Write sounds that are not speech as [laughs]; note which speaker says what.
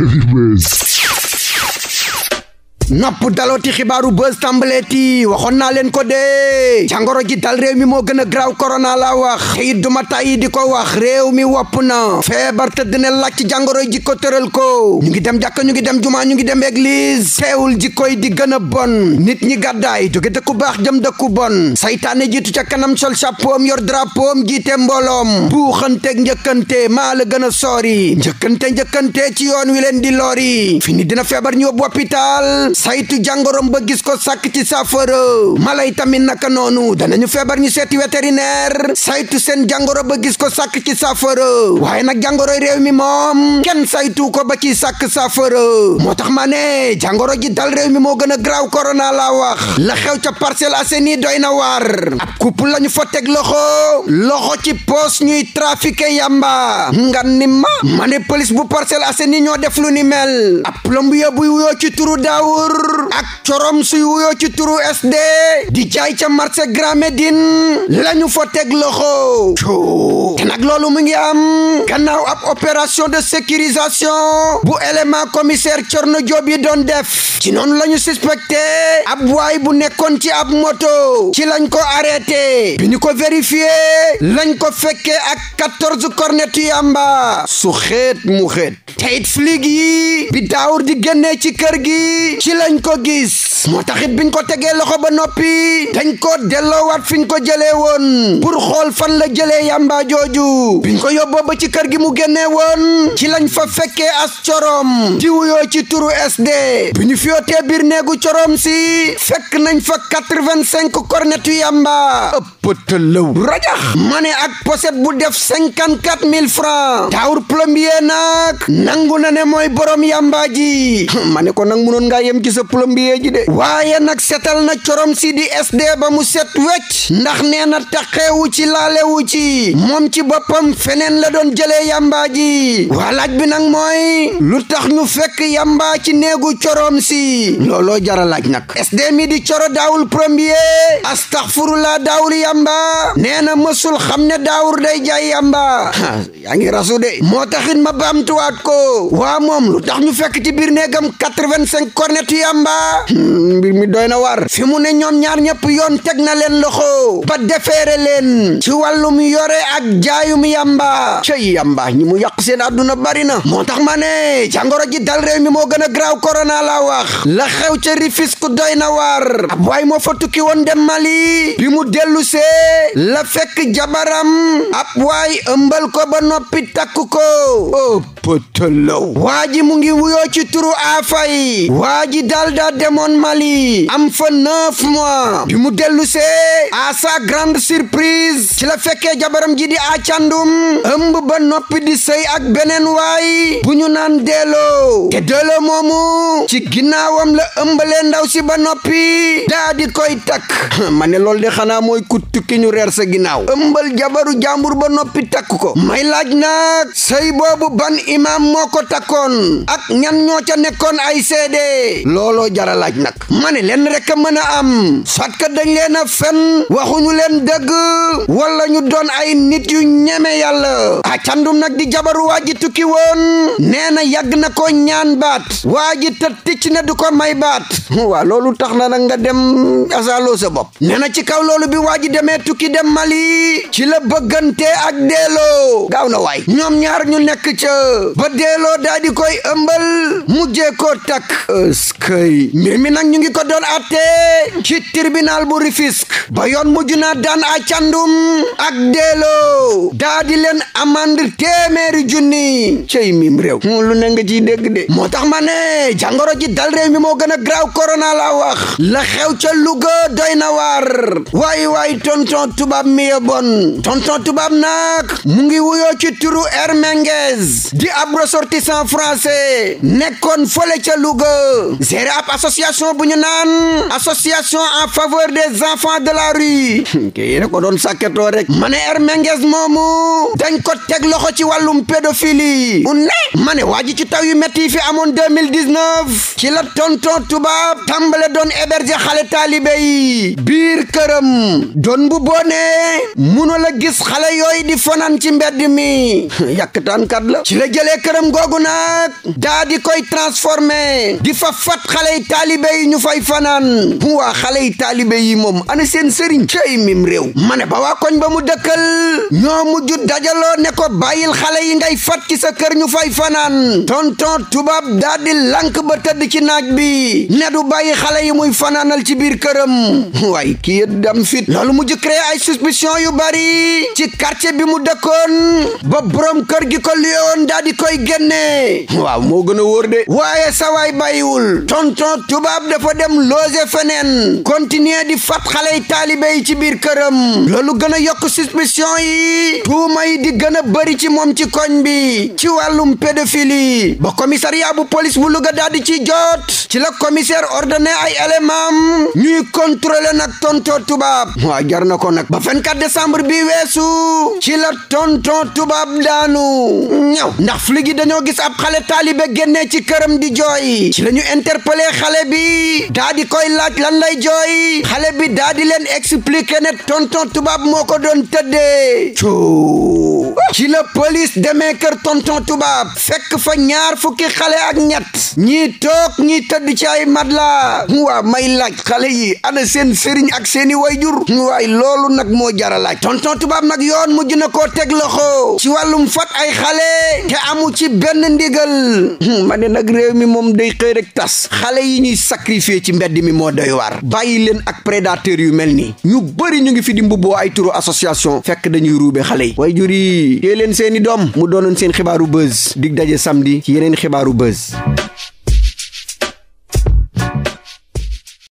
Speaker 1: Everywhere. nopp dalooti xibaaru buzz tàmbaleeti waxoon naa leen ko dee jàngoro ji dal réew mi moo gën a graaw korona la wax xëyit duma tàyyi di ko wax réew mi wopp na feebar tëdd ne laaj jàngoro jikko tëral ko ñu ngi dem jàkka ñu ngi dem jumaa ñu ngi dem église teewul ji koy di gën a bon nit ñi gàddaay jóge dëkku baax jëm dëkku bon saytaane jiitu ca kanam sol chapeau am yor drapeau am jiite mbooloom buuxanteeg njëkkante maa la gën a soori njëkkante njëkkante ci yoon wi leen di lori fini dina feebar ñu yóbbu hôpital saytu jàngorom ba gis ko sàkk ci saafara mala yi tamit naka noonu dana ñu feebar ñu seeti vétérinaire saytu seen jàngoro ba gis ko sàkk ci saafara waaye nag jàngoro réew mi moom kenn saytu ko ba ci sàkk saafara moo tax ma ne jàngoro ji dal réew mi moo gën a graaw korona laa wax la xew ca Parcelles Assainies doy na waar ab couple lañu fa teg loxo loxo ci poos ñuy trafiqué yamba nga ni ma ma ne police bu Parcelles Assainies ñoo def lu ni mel ab plombier buy wuyoo ci turu Ndour ak corom suy wuyoo ci turu SD di jaay ca marché Grand Médine lañu fa teg loxo co te nag loolu mu ngi am gannaaw ab opération de sécurisation bu élément commissaire Thierno Diop yi doon def ci noonu lañu suspecté ab waay bu nekkoon ci ab moto ci lañ ko arrêté bi ñu ko vérifié lañ ko fekkee ak quatorze cornetu amba su xeet mu xeet te flig yi bi daawur di génnee ci kër gi lañ ko gis moo taxit biñ ko tegee loxo ba noppi dañ ko delloowaat fiñ ko jëlee woon pour xool fan la jëlee yàmbaa jooju biñ ko yóbboo ba ci kër gi mu génnee woon ci lañ fa fekkee as corom di wuyoo ci turu SD bi ñu fiyootee biir néegu corom si fekk nañ fa quatre-vingt-cinq kornetu yàmba ëpp tëlëw rajax ma ne ak poset bu def cinquante-quatre mille francs taawur plombier nag nangu na ne mooy borom yàmbaa ji [laughs] ma ne ko nag munoon ngaa yem ci sa plombier ji de waaye nag setal na corom si di sd ba mu set wecc ndax nee na taqeewu ci laalewu ci moom ci boppam feneen la doon jëlee yamba ji laaj bi nag mooy lu tax ñu fekk yamba ci néegu corom si looloo jara laaj nag sd mi di coro daawul premier astaxfurulaa daawul yamba nee na mësul xam ne daawur day jaay yamba yaa ngi rasu de moo taxit ma baamtuwaat ko waa moom lu tax ñu fekk ci biir néegam quatre-vingt-cinq cornetu yamba hmm. mbir mi doy na war fi mu ne ñoom ñaar ñëpp yoon teg na leen loxo ba defeere leen ci wàllum yore ak jaayum yamba cey yamba ñi mu yàq seen àdduna bari na moo tax ma ne jàngoro ji dal réew mi moo gën a graaw korona la wax la xew ca Rufisque doy na war ab waay moo fa tukki woon dem Mali bi mu dellu see la fekk jabaram ab waay ëmbal ko ba noppi takk ko oh pëtëlaw waa mu ngi wuyoo turu afay waa ji demoon Mali Mali am fa neuf mois bi mu dellu see à sa grande surprise ci la fekkee jabaram ji di acandum ëmb ba noppi di sëy ak beneen waay bu ñu naan deeloo te deeloo moomu ci ginnaawam la ëmbalee ndaw si ba noppi daa di koy takk [laughs] ma ne loolu de xanaa mooy ku ñu reer sa ginnaaw ëmbal jabaru jàmbur ba noppi takk ko may laaj nag sëy boobu ban imaam moo ko takkoon ak ñan ñoo ca nekkoon ay seede looloo jara laaj nag ma ne leen rek a mën a am soit que dañ leen a fen waxuñu leen dëgg wala ñu doon ay nit yu ñeme yàlla acandum nag di jabaru waa ji tukki woon nee na yàgg na ko ñaan baat waa ji te ticc ne du ko may baat [laughs] waaw loolu tax na nag nga dem asaaloo sa bopp nee na ci kaw loolu bi waa ji demee tukki dem Mali ci la bëggante ak deeloo gaaw na waay ñoom ñaar ñu nekk ca ba deeloo daa di koy ëmbal mujjee koo takk ëskëy mbir mi nag ñu ngi ko doon attee ci tribunal bu Rufisque ba yoon mujj daan a candum ak deeloo daa di leen amande téeméeri junni cey mim réew lu ne nga ciy dégg de moo tax ma ne jàngoro ji dal réew mi moo gën a graaw korona la wax la xew ca doy na waar waay waay tonton tubaab mi ye bon tonton tubaab nag mu ngi wuyoo ci turu Hermenguez di ab ressortissant français nekkoon fële ca Louga gérer ab association bu bu ñu naan association en faveur des enfants de la rue [laughs] kii ko doon sàkketoo rek ma ne Hermengues moomu dañ ko teg loxo ci wàllum pédophilie un ne ma ne waa ji ci taw yu métti fi amoon 2019 ci la tonton tubaab tàmbale doon héberger xale taalibe yi biir këram doon bu boonee munu la gis xale yooyu di fanaan ci mbedd mi [laughs] yàkkataankat la ci la jëlee këram googu nag daa koy transformé di fa fat xale yi taalibe yi ñu fay fanaan waa xale yi taalibe yi moom ana seen sëriñ cey mim réew ma ne ba waa koñ ba mu dëkkal ñoo mujj dajaloo ne ko bàyyil xale yi ngay fat ci sa kër ñu fay fanaan tonton tubaab daa di lank ba tëdd ci naaj bi ne du bàyyi xale yi muy fanaanal ci biir këram waaye kii yët dam fit loolu mujj créé ay suspicion yu bari ci quartier bi mu dëkkoon ba borom kër gi ko liyoon daa di koy génne waaw moo gën a wóor de waaye sawaay bàyyiwul tonton tubaab dafa dem loger feneen continuer di fat yi taalibe yi ci biir këram loolu gën a yokk suspicion yi tuuma yi di gën a bëri ci moom ci koñ bi ci wàllum pédophilie ba commissariat bu police bu Louga daal di ci jot ci la commissaire ordonné ay élément ñuy contrôler nag tonton tubaab waa jar na ko nag ba 24 décembre bi weesu ci la tonto tubaab daanu ñaw ndax flic yi dañoo gis ab xale taalibe génnee ci këram di jooy ci la ñu xale bi jooy daa di koy laaj lan lay jooy xale bi daa di leen expliquer ne tonton tubaab moo ko doon tëddee ci la police demee kër tonton tubaab fekk fa ñaar fukki xale ak ñett ñi toog ñii tëdd ci ay madla waa may laaj xale yi ana seen sëriñ ak seeni wayjur waay loolu nag moo jara laaj tonton tubaab nag yoon mujj na koo teg loxo ci wàllum fat ay xale te amu ci benn ndigal hmm, ma ne nag réew mi moom day xëy rek tas xale yi ñuy sacrifier ci mbedd mi moo doy waar bàyyi leen ak prédateurs yu mel nii ñu bëri ñu ngi fi di mbubboo ay turu association fekk dañuy ruube xale yi yi leen seeni doom mu doonoon seen xibaaru buzz dig daje samedi ci yeneen xibaaru buzz